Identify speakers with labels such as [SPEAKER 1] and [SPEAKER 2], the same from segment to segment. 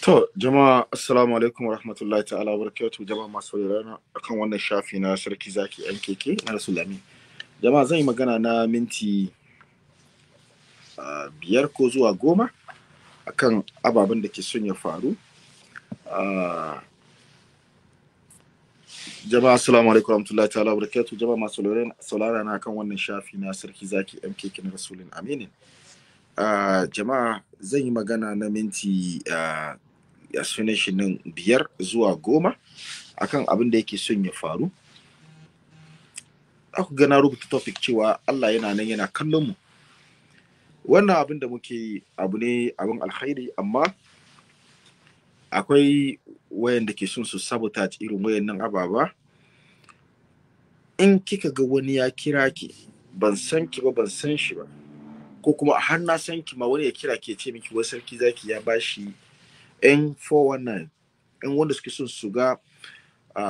[SPEAKER 1] To, jama'a assalamu alaikum wa rahmatullahi ta'ala wa barakatuhu jama'a masu rana akan wannan shafi na sarki zaki NKK na Rasulami. Jama'a zan yi magana na minti ah, biyar ko zuwa goma akan ababen da ke son ya faru. Ah, jama'a assalamu alaikum wa rahmatullahi ta'ala wa barakatuhu jama'a masu saurara na akan wannan shafi na sarki zaki NKK na Rasulun Aminin. Ah, jama'a zan yi magana na minti uh, ya sunan shi nan biyar zuwa goma akan abin da yake son ya faru aku ga na rubuta topic cewa Allah yana nan yana kallon mu wannan abin da muke yi abu ne abin alkhairi amma akwai wayanda ke son su sabotage irin nan ababa in kika ga wani ya kira ki ban san ki ba ban san shi ba ko kuma har na san ki ma wani ya kira ki ya ce miki wasarki sarki zaki ya bashi 'yan 419 'yan wanda suke son su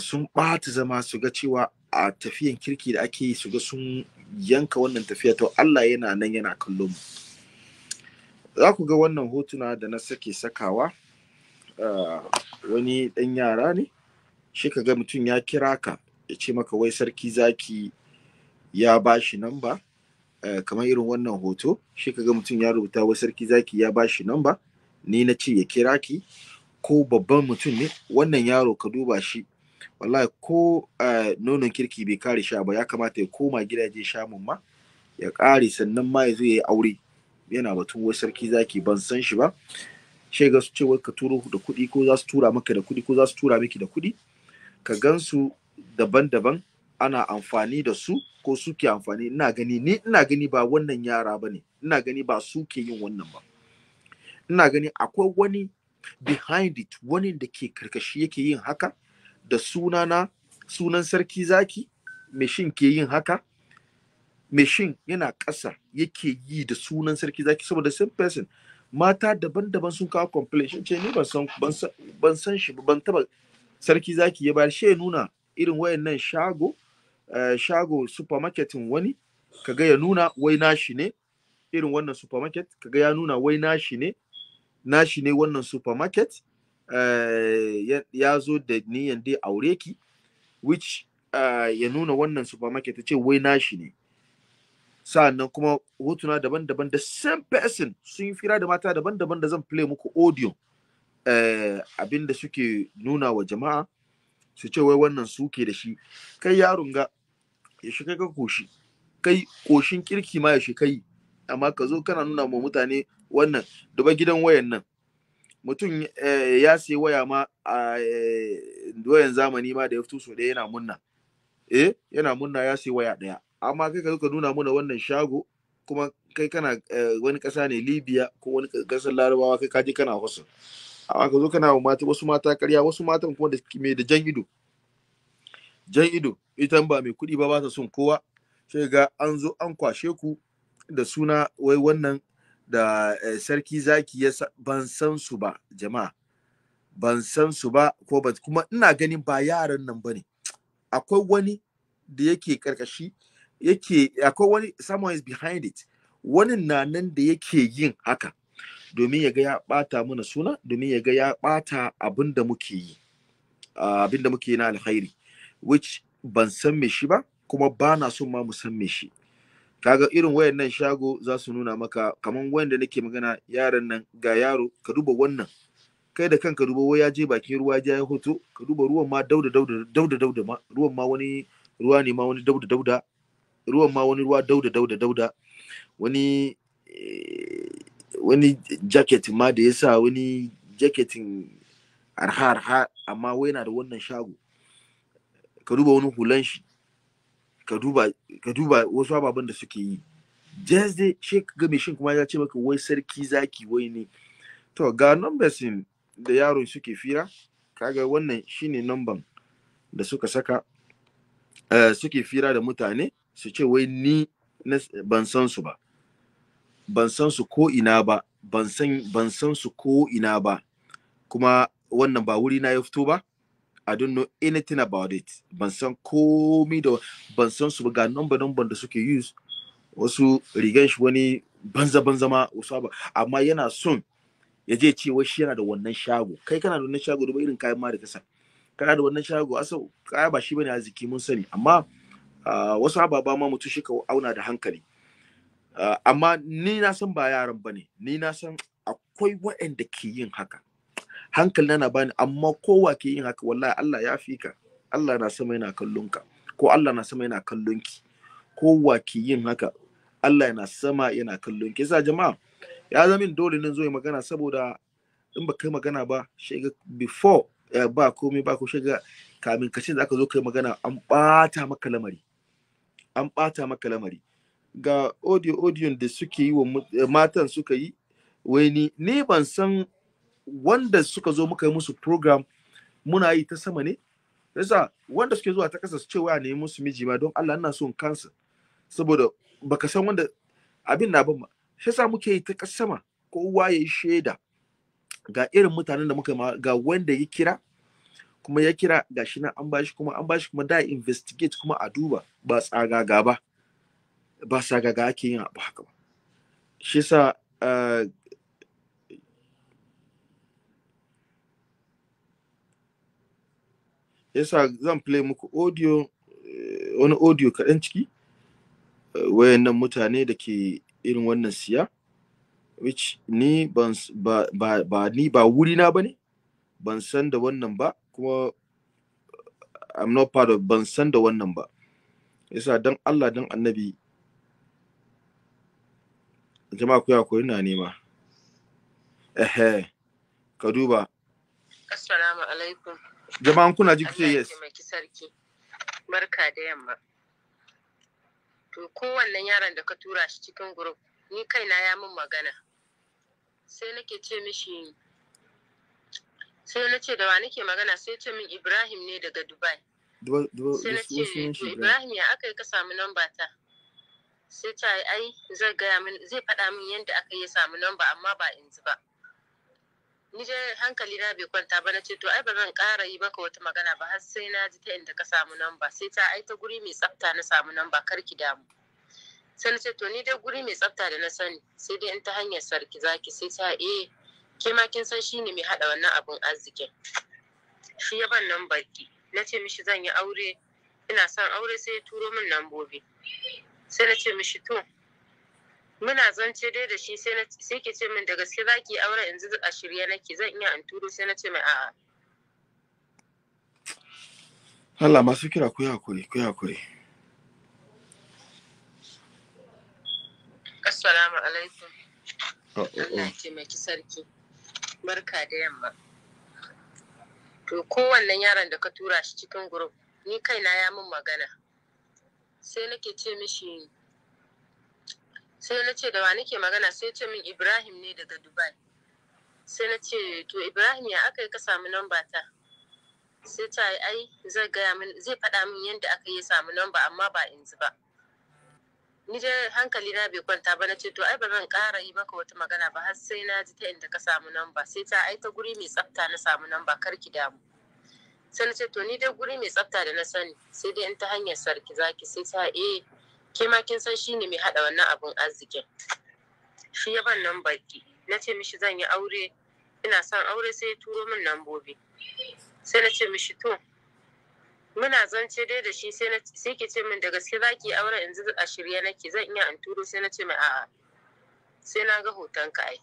[SPEAKER 1] sun ɓata zama suga cewa a tafiyan kirki da ake yi su sun yanka wannan tafiya to Allah yana nan yana kallon mu za ku ga wannan hotuna da na sake sakawa wani ɗan yara ne shi ka ga mutum ya kira ka ya ce maka wai sarki zaki ya ba shi namba kamar irin wannan hoto shi ka ga mutum ya rubuta wai sarki zaki ya ba shi namba ni na ce ya kira ki ko babban mutum ne wannan yaro ka duba shi wallahi ko eh, nonon kirki bai kare sha ba ya kamata ya koma gidaje shamun ma ya kare sannan ma ya zo ya yi aure yana batun wai sarki zaki ban san shi ba shi ga su ce wai ka turo da kuɗi ko za su tura maka da kuɗi ko za su tura miki da kuɗi ka gansu daban-daban ana amfani da su ko suke amfani ina gani ni ina gani ba wannan yara ba ne ina gani ba su ke yin wannan ba ina ganin akwai wani behind it wani da ke karkashi yake yin haka da sunana sunan sarki zaki shin ke yin haka shin yana ƙasa yake yi da sunan sarki zaki saboda same person mata daban-daban sun kawo complain ce ni ban san shi ban taba sarki zaki ya bayar shi nuna irin wayannan shago eh, shago supermarketin wani kaga ya nuna wai nashi ne irin wannan supermarket kaga ya nuna wai nashi ne nashi ne wannan supermarket eh, ya zo da niyan dai aure ki which eh, ya nuna wannan supermarket ta ce wai nashi ne sa'annan kuma hotuna daban-daban da same person sun yi fira da mata daban-daban da zan play muku audio Abinda eh, abin da suke nuna wa jama'a su ce wai wannan suke da shi kai yaron ga ya shiga ka koshi kai koshin kirki ma ya shi kai amma ka zo kana nuna ma mutane wannan duba gidan wayan nan mutum eh, ya sayi waya ma a eh, wayan zamani ma da ya fito so yana munna eh yana munna ya sayi waya ɗaya amma kai ka zo ka nuna mana wannan shago kuma kai kana eh, wani ƙasa ne libya ko wani kasar larabawa kai kaji kana wasu amma ka zo kana mata wasu mata karya wasu matan kuma da me da jan ido jan ido ita ba mai kuɗi ba ba ta son kowa sai ga an zo an kwashe ku da suna wai wannan da eh, sarki zaki ya ban san su ba jama'a ban san su ba ko ba kuma ina ganin ba yaran nan bane akwai wani da yake karkashi yake akwai wani someone is behind it wani na nan da yake yin haka domin ya ga ya bata mana suna domin ya ga ya bata abin da muke yi ah, abin da muke yi na alkhairi which ban san me shi ba kuma ba na son ma mu san me shi kaga irin wayannan shago za su nuna maka kaman wanda nake magana yaran nan ga yaro ka duba wannan kai da kanka duba wai ya je bakin ruwa ya ya hoto ka duba ruwan ma dauda dauda dauda dauda ma ruwan ma wani ruwa ne ma wani dauda dauda ruwan ma wani ruwa dauda dauda dauda wani eh, wani jacket ma da ya sa wani jacketin arha arha amma wai yana da wannan shago ka duba wani hulan shi ka duba wasu ababen da suke yi just dai shek game shin kuma ya ce maka wai sarki zaki wai ne to ga numbers da yaron suke fira kaga wannan shine number da suka saka eh, suke fira da mutane su ce wai ni ban san su ba ban san su ko ina ba ban san su ko ina ba kuma wannan ba wuri na ya fito ba I don't know anything about it. Ban san komi da ban san su ga number number da suke use wasu rigan shi wani banza banza ma wasu ba amma yana son ya je ce wai shi yana da wannan shago kai kana da wannan shago da irin kayan ma da kasa kana da wannan shago asau kaya ba shi bane arziki mun sani amma wasu ababa ma mutum shi ka auna da hankali amma ni na san ba yaran bane ni na san akwai waɗanda ke yin haka hankali na bani amma kowa ke yin haka wallahi Allah ya fi ka Allah na sama yana kallon ka ko Allah na sama yana kallon ki kowa ke yin haka Allah yana sama yana kallon ki yasa jama'a ya zama dole nan zo yi magana saboda in ba kai magana ba shiga before eh, ba komai ba ko shiga kamin ka ce za ka zo kai magana an ɓata maka lamari an ɓata maka lamari ga audio audio da suke yi wa eh, matan suka yi wai ni ni ban san wanda suka zo muka yi musu program muna yi ta sama ne yasa wanda suke zuwa ta kasa su ce waya ne musu miji ma don Allah ina son kansa saboda baka san wanda abin na ban ma shi yasa muke yi ta kasa sama kowa ya yi shaida ga irin mutanen da muka ma ga wanda ya kira kuma ya kira ga shi na an bashi kuma an bashi kuma da investigate kuma a duba ba tsagaga ba ba tsagaga ake yin abu haka ba shi yasa eh, yasa zan play muku audio eh, wani audio kaɗan ciki eh, wayannan mutane da ke irin wannan siya which ni ban ba, ba, ba ni ba wuri na bane ban san da wannan ba kuma eh, I'm not part of ban san da wannan ba yasa dan Allah dan annabi jama'a ku koyi na nema ehe ka duba
[SPEAKER 2] assalamu alaikum
[SPEAKER 1] jama'an kuna ji kuce yes
[SPEAKER 2] barka da yamma to kowannen yaron da ka tura shi cikin group ni kaina ya min magana sai nake ce mishi sai na ce da wa nake magana sai ce min ibrahim ne daga dubai sai na ce ibrahim ya aka yi ka samu namba ta sai ta ai zai gaya min zai faɗa min yadda aka yi samu namba amma ba in ji ba ni dai hankali na bai kwanta ba na ce to ai ba zan ƙara yi maka wata magana ba har sai na ji ta inda ka samu namba sai ta aita guri mai tsafta na samu namba kar ki damu sai na ce to ni dai guri mai tsafta da na sani sai dai in ta hanyar sarki zaki sai ta eh ke ma kin san shine mai hada wannan abun arzikin shi ya ban nan baki na ce mishi zan yi aure ina son aure sai ya turo min lambobi sai na ce mishi to muna zance dai da shi sai ke ce min da gaske za ki aure yanzu a shirye nake zan iya an turo sai na ce mai a'a.
[SPEAKER 1] Allah masu kira ku yi hakuri ku yi hakuri.
[SPEAKER 2] Assalamu alaikum. Oh, oh, oh. Allah ce mai sarki. Barka da yamma. To kowannen yaron da ka tura shi cikin gurup ni kaina ya min magana. Sai nake ce mishi sai na ce da wa nake magana sai ce min ibrahim ne daga dubai sai na ce to ibrahim ya aka yi ka samu namba ta sai ta yi ai zai gaya min zai faɗa min yadda aka yi samu namba amma ba yanzu ba ni dai hankali na bai kwanta ba na ce to ai ba zan ƙara yi maka wata magana ba har sai na ji ta inda ka samu namba sai ta ai ta guri mai tsafta na samu namba kar ki damu sai na ce to ni dai guri mai tsafta da na sani sai dai in ta hanyar sarki zaki sai ta eh ke ma kin san shi ne mai haɗa wannan abun arzikin shi ya ban nan baki na ce mishi zan yi aure ina son aure sai ya turo min lambobi sai na ce mishi to muna zance dai da shi sai ke ce min da gaske za ki aure yanzu a shirye nake zan iya in turo sai na ce mai a'a sai na ga hoton ka ai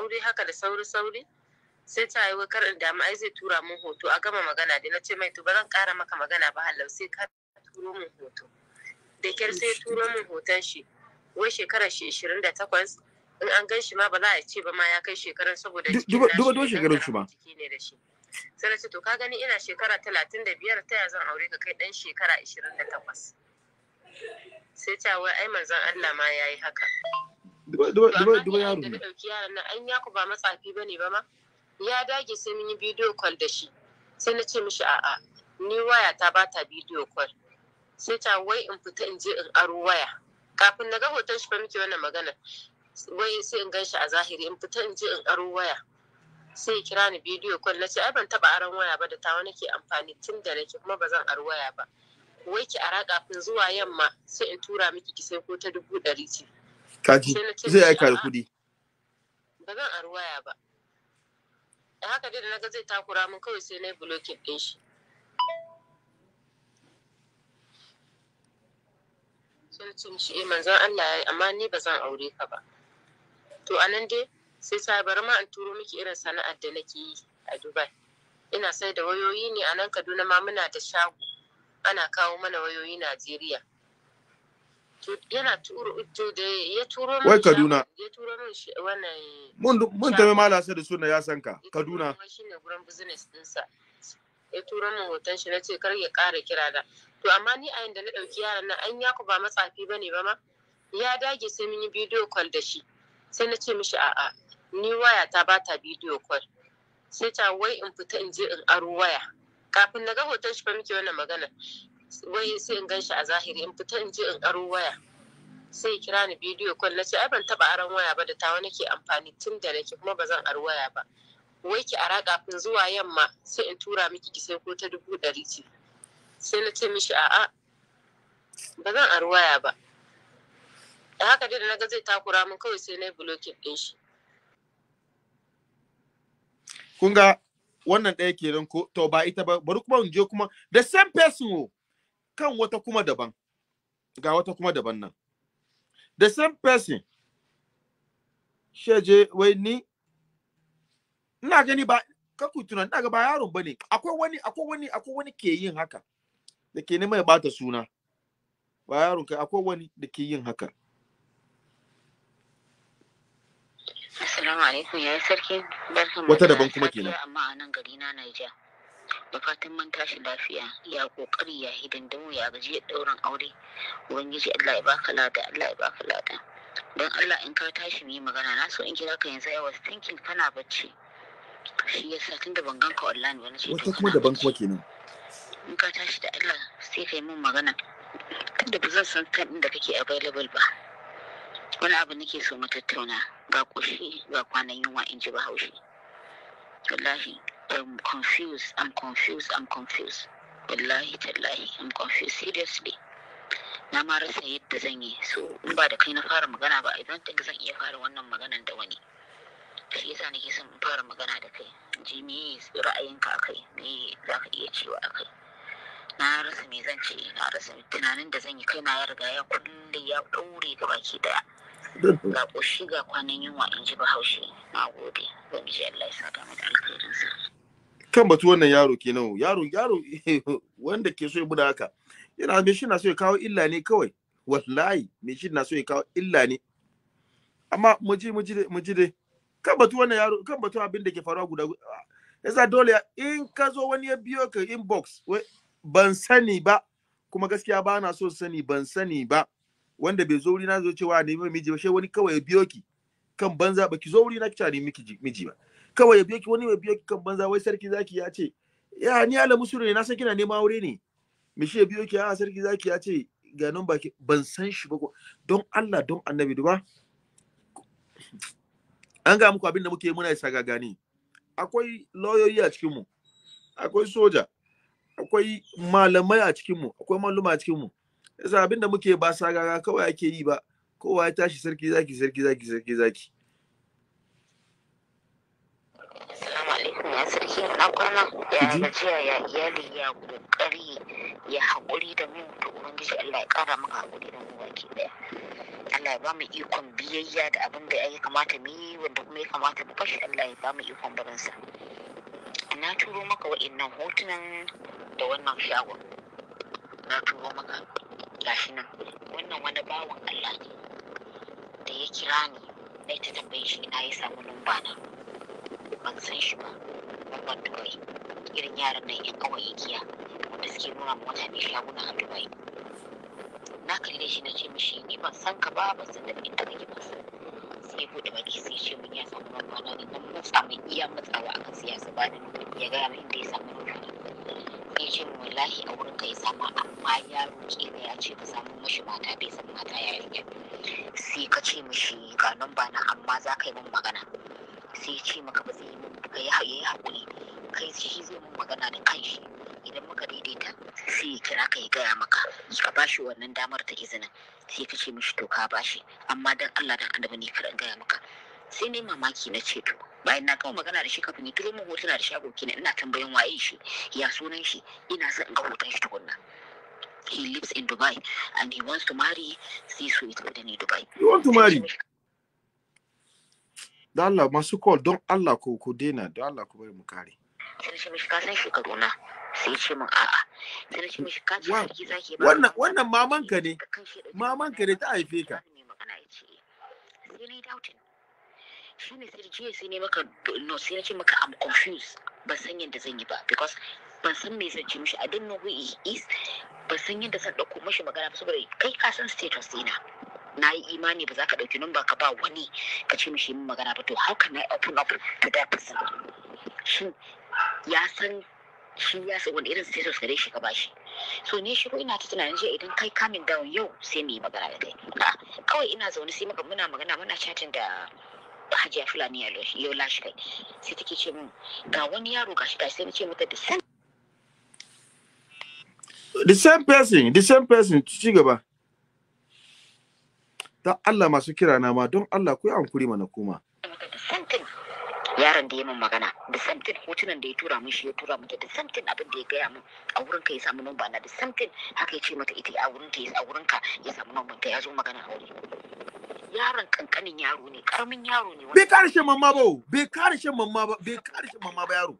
[SPEAKER 2] aure haka da sauri sauri sai ta yi kar in damu ai zai tura min hoto a gama magana da na ce mai to ba zan kara maka magana ba halau sai ka turo min hoto da kyar sai turo min hoton shi wai shekarar shi ishirin da takwas in an gan shi ma ba za a ce ba ma ya kai shekarar saboda duba duba shekarar shi ba sai na ce to ka gani ina shekara talatin da biyar ta ya zan aure ka kai dan shekara ishirin da takwas sai ta wai ai manzon Allah ma ya yi haka
[SPEAKER 1] duba yaro ne dauki
[SPEAKER 2] yaran nan an yaku ba matsafi bane ba ma ya dage sai mun yi bidiyo call da shi sai na ce mishi a'a ni waya ta bata bidiyo call sai ta wai in fita in je in aro waya kafin na ga hoton shi fa muke wannan magana wai sai in gan shi a zahiri in fita in je in aro waya sai kira ni bidiyo kwan na ce ai ban taba aron waya ba da tawa nake amfani tun da nake kuma ba zan aro waya ba wai ki ara kafin zuwa yamma sai in tura miki ki sai ko ta dubu ɗari ce kaji zai aika da kuɗi ba zan aro waya ba haka dai da naga zai takura min kawai sai na yi blocking ɗin shi Sun cin shi eh manzon Allah ya yi amma ni ba zan aure ka ba to anan dai sai ta bar ma an turo miki irin sana'ar da nake yi a Dubai ina sai da wayoyi ne a nan Kaduna ma muna da shago ana kawo mana wayoyi Najeriya yana turo to da ya turo min wai Kaduna ya turo min wannan
[SPEAKER 1] mun mun tabe mala sai da suna ya san ka Kaduna
[SPEAKER 2] shine gurin business ɗinsa. ya turo min hoton shi na ce kar ya ƙara kira da to amma ni a yanda na ɗauki yaran nan an yaku ba matsafi ba ne ba ma ya dage sai mun yi bidiyo kwal da shi sai na ce mishi a'a ni waya ta ba ta bidiyo kwal sai ta wai in fita in je in aro waya kafin na ga hoton shi fa muke wannan magana wai sai in ganshi a zahiri in fita in je in aro waya sai kira ni bidiyo kwal na ce ai ban taba aron waya ba da tawa nake amfani tun da nake kuma ba zan aro waya ba wai ki ara kafin zuwa yamma sai in tura miki ki sai ko ta dubu ɗari ce sai na ce mishi a'a ba zan a ruwaya ba da haka dai da na ga zai takura min kawai sai na yi blokin ɗin shi
[SPEAKER 1] kun ga wannan ɗaya kenan ko to ba ita ba bari kuma in je kuma the same person o kan wata kuma daban ga wata kuma daban nan the same person sheje wai ni ina gani ba ka kaku tunan daga ba yaron bane akwai wani akwai wani akwai wani ke yin haka da ke neman ya bata suna ba yaron kai akwai wani da ke yin haka
[SPEAKER 3] Assalamu alaikum yayi sarki barkan wata daban kuma kenan amma a nan gari na Niger da fatan mun tashi lafiya ya kokari ya hidindimu ya gaji ya dauran aure ubangiji Allah ya baka lada Allah ya baka lada don Allah in ka tashi mu yi magana na so in kira ka yanzu I was thinking kana bacci shi yasa tunda ban gan ka online wani wata kuma
[SPEAKER 1] daban kuma kenan
[SPEAKER 3] in ka tashi da Allah sai kai min magana tunda ba zan san kan inda kake available ba wani abu nake so mu tattauna ga koshi ga kwanan yunwa in ji ba haushi wallahi I'm confused I'm confused I'm confused wallahi tallahi I'm confused seriously na ma rasa yadda zan yi so in ba da kai na fara magana ba idan zan iya fara wannan maganan da wani shi yasa nake son in fara magana da kai ji me ra'ayinka akai me za ka iya cewa akai na rasa me zan ce na rasa tunanin da zan yi kai na ya riga ya kulle ya ɗaure ga baki daya ga ƙoshi ga kwanan yunwa in ji bahaushe na gode zan ji Allah ya saka mata
[SPEAKER 1] alkhairinsa kan batu wannan yaro kenan yaro yaro wanda ke so ya buda haka yana me shi na so ya kawo illa ne kawai wallahi me shi na so ya kawo illa ne amma mu ji mu ji dai kan batu wannan yaro kan batu abin da ke faruwa guda yasa dole in ka zo wani ya biyo ka inbox ban sani ba kuma gaskiya ba na so sani ban sani ba wanda bai zo wuri na zo cewa mai miji ba sai wani kawai ya biyo ki kan banza ba ki zo wuri na ki miki miji ba kawai ya biyo ki wani ya biyo ki kan banza wai sarki zaki ya ce ya ni ala musuru ne na san kina neman aure ne me shi ya biyo ki a sarki zaki ya ce ga nan baki ban san shi ba don Allah don annabi duba an ga muku abin da muke muna isa gani akwai lauyoyi a cikinmu akwai soja akwai malamai a cikinmu akwai malluma a cikinmu yasa abin da muke ba sagaga kawai ake yi ba kowa ya tashi sarki zaki sarki zaki sarki zaki
[SPEAKER 3] ina ya gajiya ya iyali ya kokari ya haƙuri da mu da ubangiji Allah ya ƙara maka haƙuri da mu baki ɗaya Allah ya ba mu ikon biyayya da abin da ya kamata mu yi wanda kuma ya kamata mu fashi Allah ya ba mu ikon barinsa na turo maka wa'innan hotunan da wannan shagon na turo maka gashi nan wannan wani bawan Allah ne da ya kira ni na ta tambaye shi na yi samu lamba na ban san shi ba abubuwan dubai irin yaran nan yan kawai giya, wanda suke nuna ma mutane shaguna a dubai na kalle shi na ce mishi ni ban san ka ba ban san da inda kake ba sai bude baki sai ce mun ya samu manufa na ne nan mai iya matsawa a kan siyasa ba da ya gaya min da ya samu mamma sai ce min wallahi a wurin ka ya samu amma ya roƙe da ya ce ba samu mashi mata bai san mata yarinya sai ka ce mishi ga nan ba na amma za ka yi min magana sai ce maka ba zai yi min ka yi haƙuri kai shi zai mun magana da shi idan muka daidaita sai ya kira ka ya gaya maka ka bashi wannan damar ta izinin sai ka ce mishi to ka bashi amma dan Allah dan annabi ne kar gaya maka sai ne mamaki na ce to bayan na kawo magana da shi kafin fini turo min hotuna da shago kina ina tambayan waye shi ya sunan shi ina son in ga hoton shi tukunna he lives in Dubai and he wants to marry sai so ya tafi da ni Dubai
[SPEAKER 1] you want to marry da Allah masu call don Allah ko ku daina don Allah ku bari mu kare mishi ka na sai ce min a'a mishi ka ba wannan wannan maman ka ne maman ka ne ta haife ka
[SPEAKER 3] sai ni doubting shi ne sai ne maka no sai ban san yadda zan yi ba because ban san I don't know who he is yadda zan dauko mishi magana ba saboda kai ka san status dina na yi imani ba za ka ɗauki numba ka ba wani ka ce mishi yin magana ba to how can I open up to that person shin ya san shi ya san wani irin status gare shi ka shi so ni shiru ina ta tunanin je idan kai kamin down yau sai mu yi magana da kai kawai ina zaune sai maka muna magana muna chatting da hajiya fulani yau lashi kai sai take ce min ga wani yaro gashi gashi sai na ce mata da san
[SPEAKER 1] the same person the same person ci gaba don Allah masu kira na ma don Allah ku yi hankuri mana kuma
[SPEAKER 3] yaron da ya min magana da samtin hotunan da ya tura min shi ya tura mata da samtin abin da ya gaya min a wurin ka ya samu numba na da samtin haka ya ce mata ita a wurin a wurin ka ya samu numba. ta ya zo magana wuri yaron kankanin yaro ne karamin yaro ne bai kare
[SPEAKER 1] shan mamma ba oh. bai kare shan mamma ba bai kare mamma ba yaro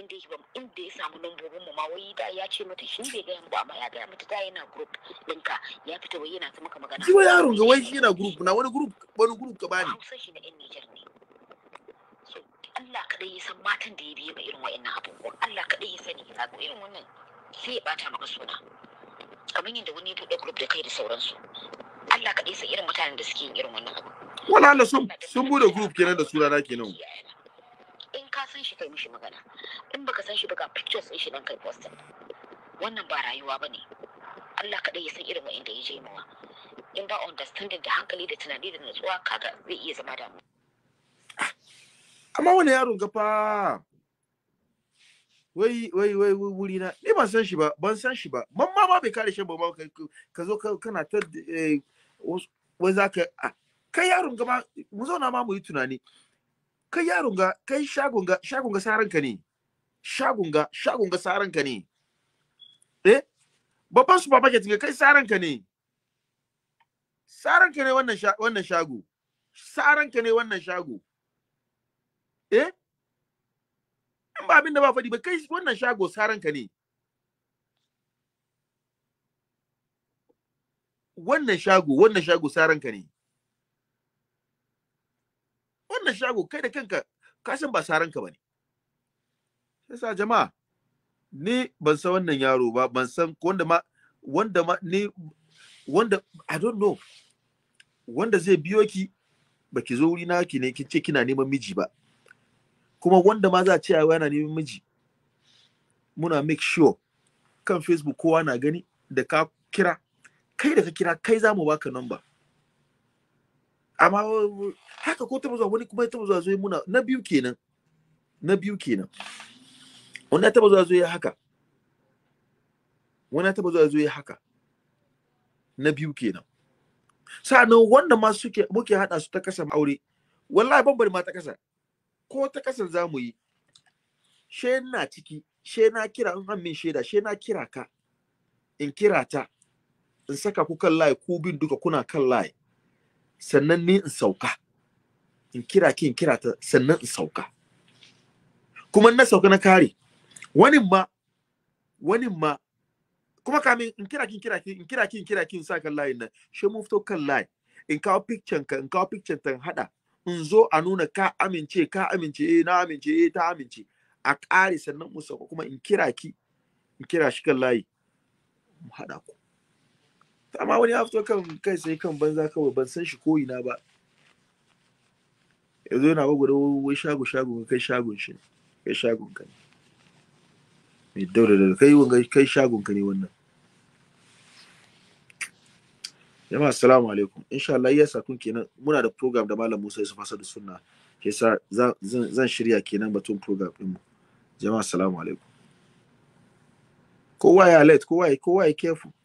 [SPEAKER 3] inda yake inda ya samu lambobin mu ma wai da ya ce mata shi bai gaya ba amma ya gaya mata ta yana group ɗinka
[SPEAKER 1] ya fita wai yana ta maka magana shi wai yaron ga wai shi yana group na wani group wani group ka bani hausa shi na yan Niger ne
[SPEAKER 3] Allah kadai ya san matan da ya biye ba irin wa'annan abubuwan Allah kadai ya sani ka ko irin wannan sai ya bata maka suna kamar yadda wani ya buɗe group da kai da sauransu Allah kadai san irin mutanen da suke yin irin wannan abu
[SPEAKER 1] wala Allah sun bude group kenan da sunana kenan
[SPEAKER 3] shi kai mishi magana in baka san shi ba ga pictures din shi dan kai post wannan ba rayuwa bane Allah kaɗai ya san irin wa ya je mawa in ba understanding da hankali da tunani da natsuwa kaga zai iya zama da
[SPEAKER 1] amma wani yaron gafa wai wai wai wuri na ni ban san shi ba ban san shi ba ban ma ba bai kare shi ba ma ka zo kana ta eh, wai zaka kai yaron gaba mu zauna ma mu yi tunani kai yaron ga kai shagon ga shagon ga saran ka ne shagon ga shagon ga saran ka ne eh babban supermarket ga kai saran ka ne saran ka ne wannan wannan shago saran ka ne wannan shago eh in ba abin da ba faɗi ba kai wannan shago saran ka ne wannan shago wannan shago saran ka ne wannan shago kai da kanka ka san ba saran ka bane yasa jama'a ni ban san wannan yaro ba ban san wanda ma wanda ma ni wanda i don't know wanda zai biyo ki baki zo wuri na ki ne kin ce kina neman miji ba kuma wanda ma za a ce a yana neman miji muna make sure kan facebook kowa na gani da ka kira kai da ka kira kai za mu baka number amma haka ko ta bazuwa wani kuma ya bazuwa zuwa muna na biyu kenan na biyu kenan wani ya bazuwa zuwa zuwa haka wani ya bazuwa zuwa zuwa haka na biyu kenan sa'annan wanda ma suke muke hada su ta kasan aure wallahi ban bari ma ta kasa ko ta kasa za mu yi she na ciki she na kira in an min sheda, she na kira ka in kira ta in saka ku kan layi ku bin duka kuna kan layi sannan ni in sauka in kira ki in kira ta sannan in sauka kuma na sauka na kare wani ma wani ma kuma kamin in kira ki in kira ki in kira ki in kira ki in sa kan layin nan shi mun fito kan layin in kawo picture ka in kawo picture ta hada in zo a nuna ka amince ka amince eh na amince eh ta amince a kare sannan mu sauka kuma in kira ki in kira shi kan layi mu hada ku amma wani ya fito kan kai sai kan banza kawai ban san shi ko ina ba yanzu yana gwagwada wai shago shago kai shagon shi kai shagon ka ne mai daura da kai wanga kai shagon ka ne wannan jama'a assalamu alaikum insha Allah ya sa kun kenan muna da program da malam Musa Yusuf da Sunna ke sa zan shirya kenan batun program din mu jama'a assalamu alaikum kowa ya alert kowa ya kowa ya careful